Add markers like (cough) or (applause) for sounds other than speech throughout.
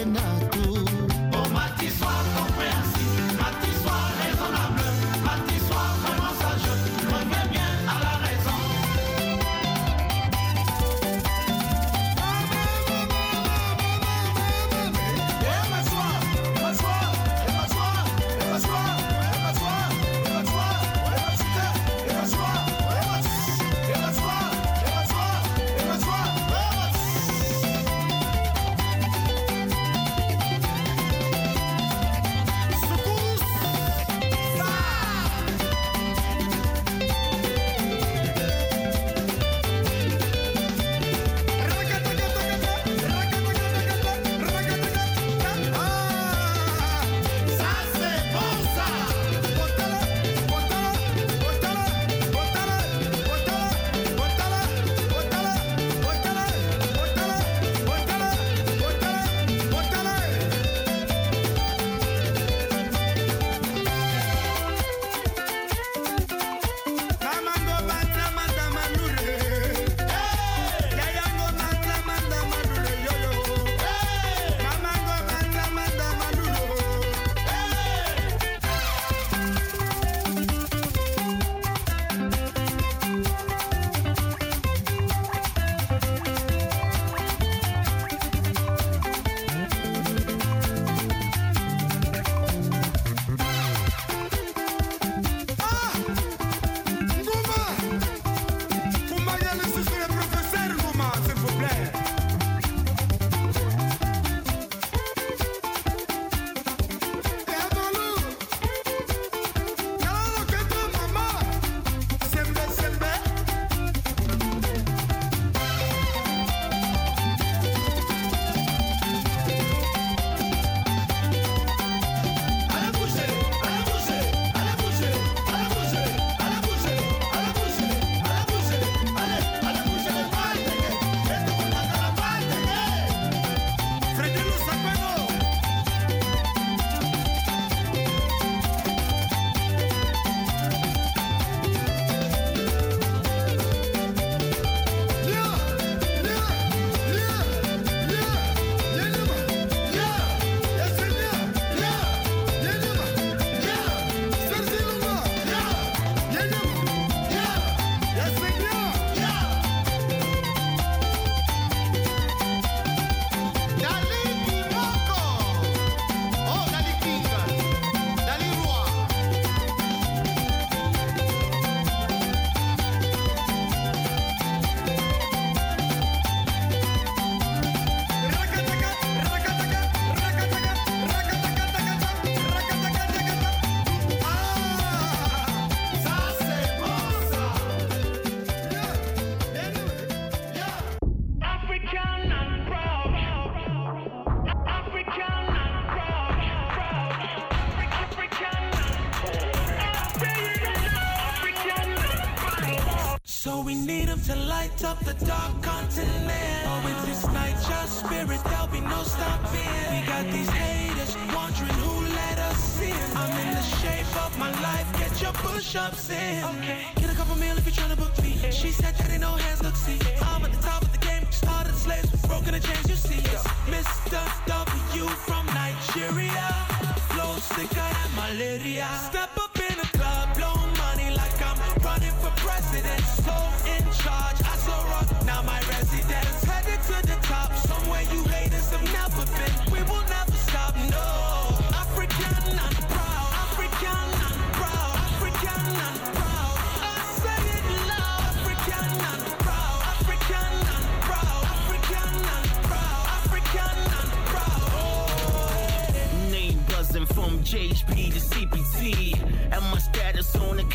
And I clubs Okay. Get a couple meal if you're trying to book me. Yeah. She said that ain't no hands, look, see. Yeah. I'm at the top of the game, started the slaves, broken the chains, you see. Yo. Mr. W from Nigeria, flow sicker than malaria. Step up.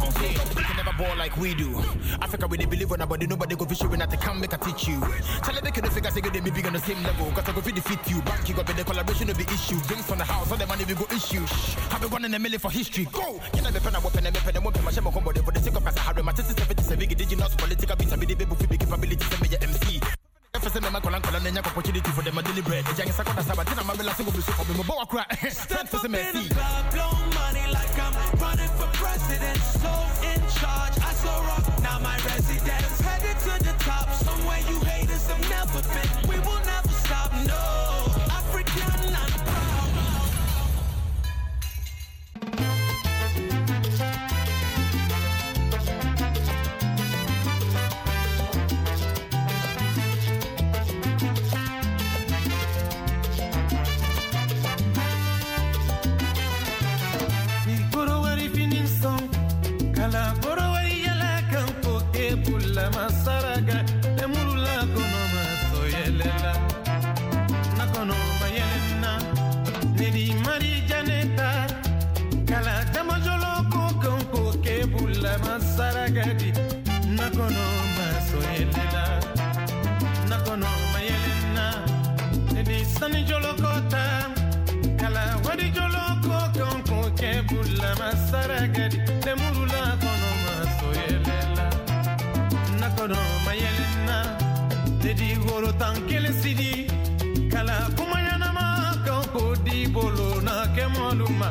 Okay. They can never ball like we do. Africa we really believe on nobody, nobody go fishing when I come make a teach you. Tell they can figure say they may be on the same level. Cause I go feed defeat you. Bank you got the collaboration of the issue. Drinks on the house, all the money we go issue. Shh. Have a one in a million for history. Go! Can I be pen a weapon and pen a weapon, my shame on combo for the sake of Sahara. My sister's 77 indigenous political beats, I be the baby We be capabilities and your MC i me makola opportunity for them a deliberate ejang sa kota mabela singo bisu (laughs) blow money like I'm running for president so in charge I so rock now my residence headed to the top somewhere you haters have never been we will never stop no Kono maso na kono masoyelela nakono sani edisani jolokota kala wadi joloko kanko ke bulla masaragadi lemurula kono maso na kono mayelenna dedi woro tankele sidi kala kumayanama kanko di bolo nakemoluma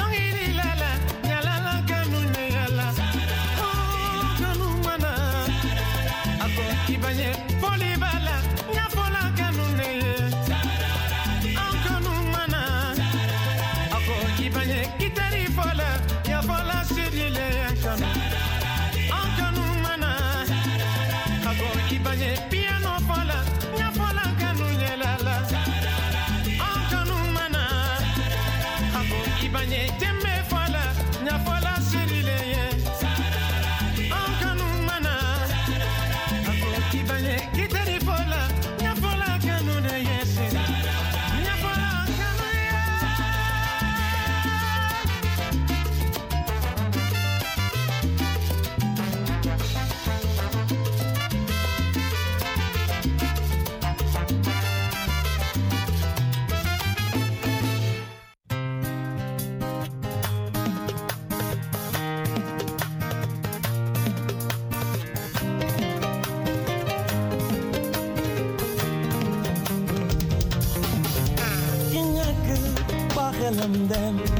and them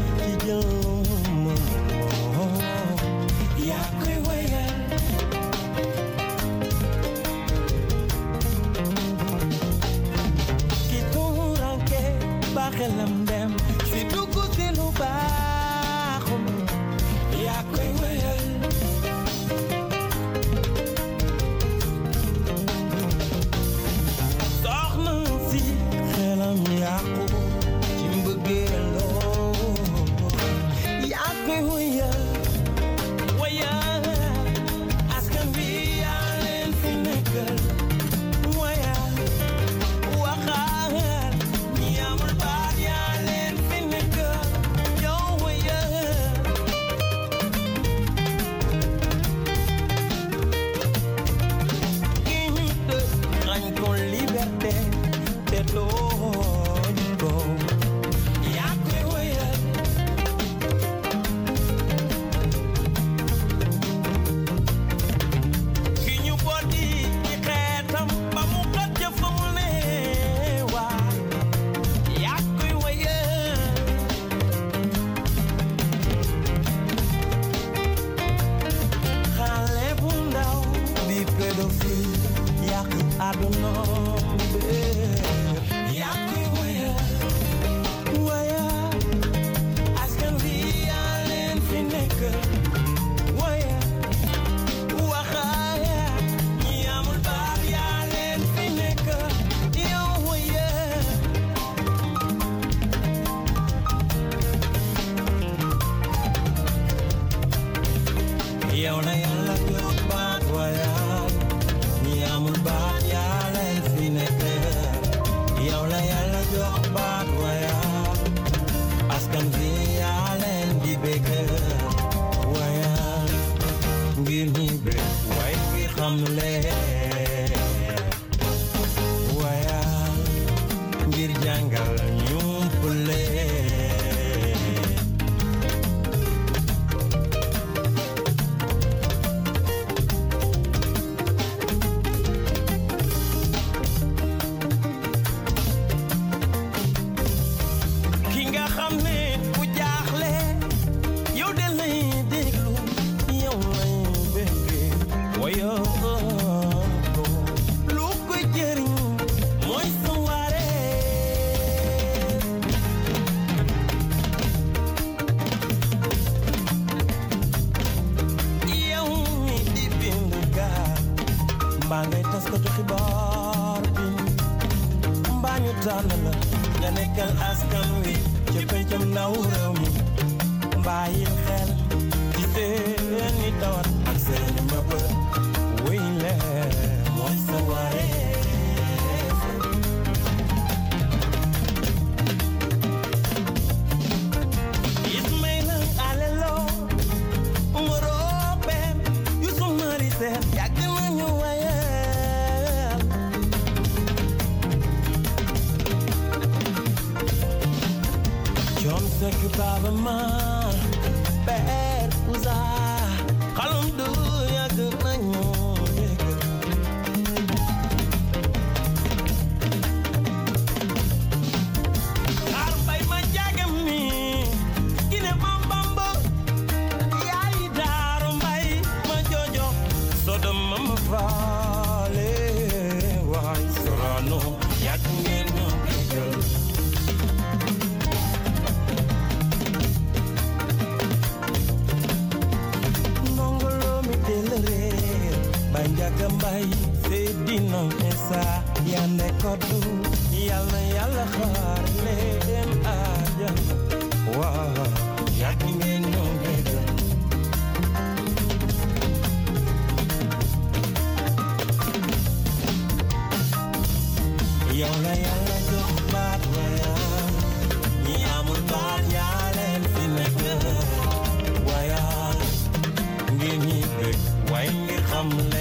Sick about the mind waay se dina esa yande kodu yalla yalla xaar leen ajana waa yàgg ngeen ñoo bégal yow la yàlla jox baat wayaa ñi amul baat yaa leen fi nekk wayaa ngeen ñi bëgg waaye ngir xam leen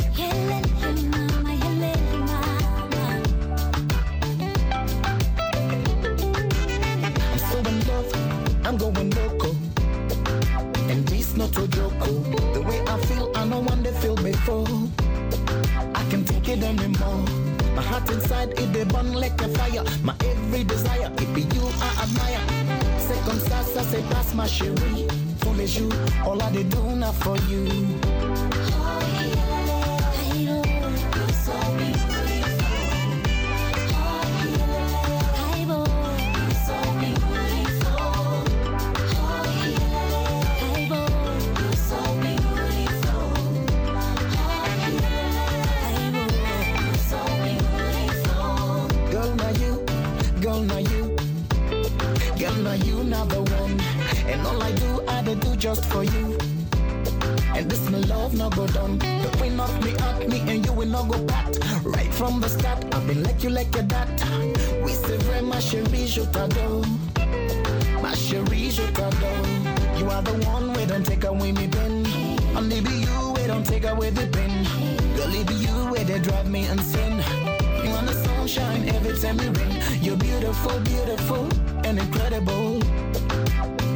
inside it they burn like a fire. My every desire, it be you I admire. C'est comme ça, ça se my ma chérie. you, all I do now for you. just for you. And this my love no go down. The queen of me at me and you will not go back. Right from the start, I've been like you like your dad. We say very my chérie, je t'adore. My chérie, je t'adore. You are the one we don't take away me pen. Only be you we don't take away the pen. Girl, it be you where they drive me insane. You want the sunshine every time you rain. You're beautiful, beautiful and incredible.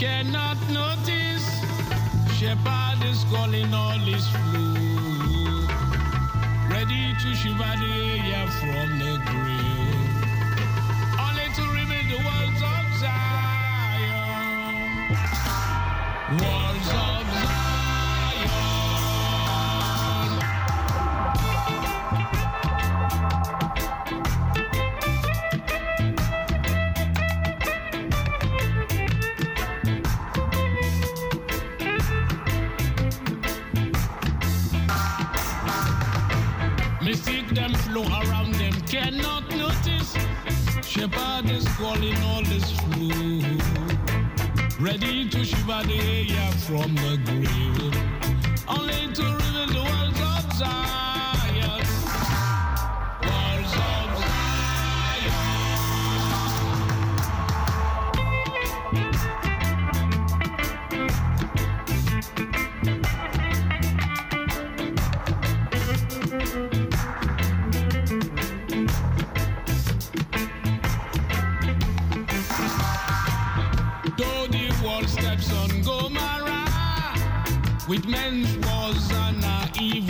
cannot notice. Shepherd is calling all his flock, ready to shiver the air from the grill. only to rebuild the walls of Zion. One hear calling all is true. Ready to shiver the air from the grave, only to reveal the world's outside. with men's was a naive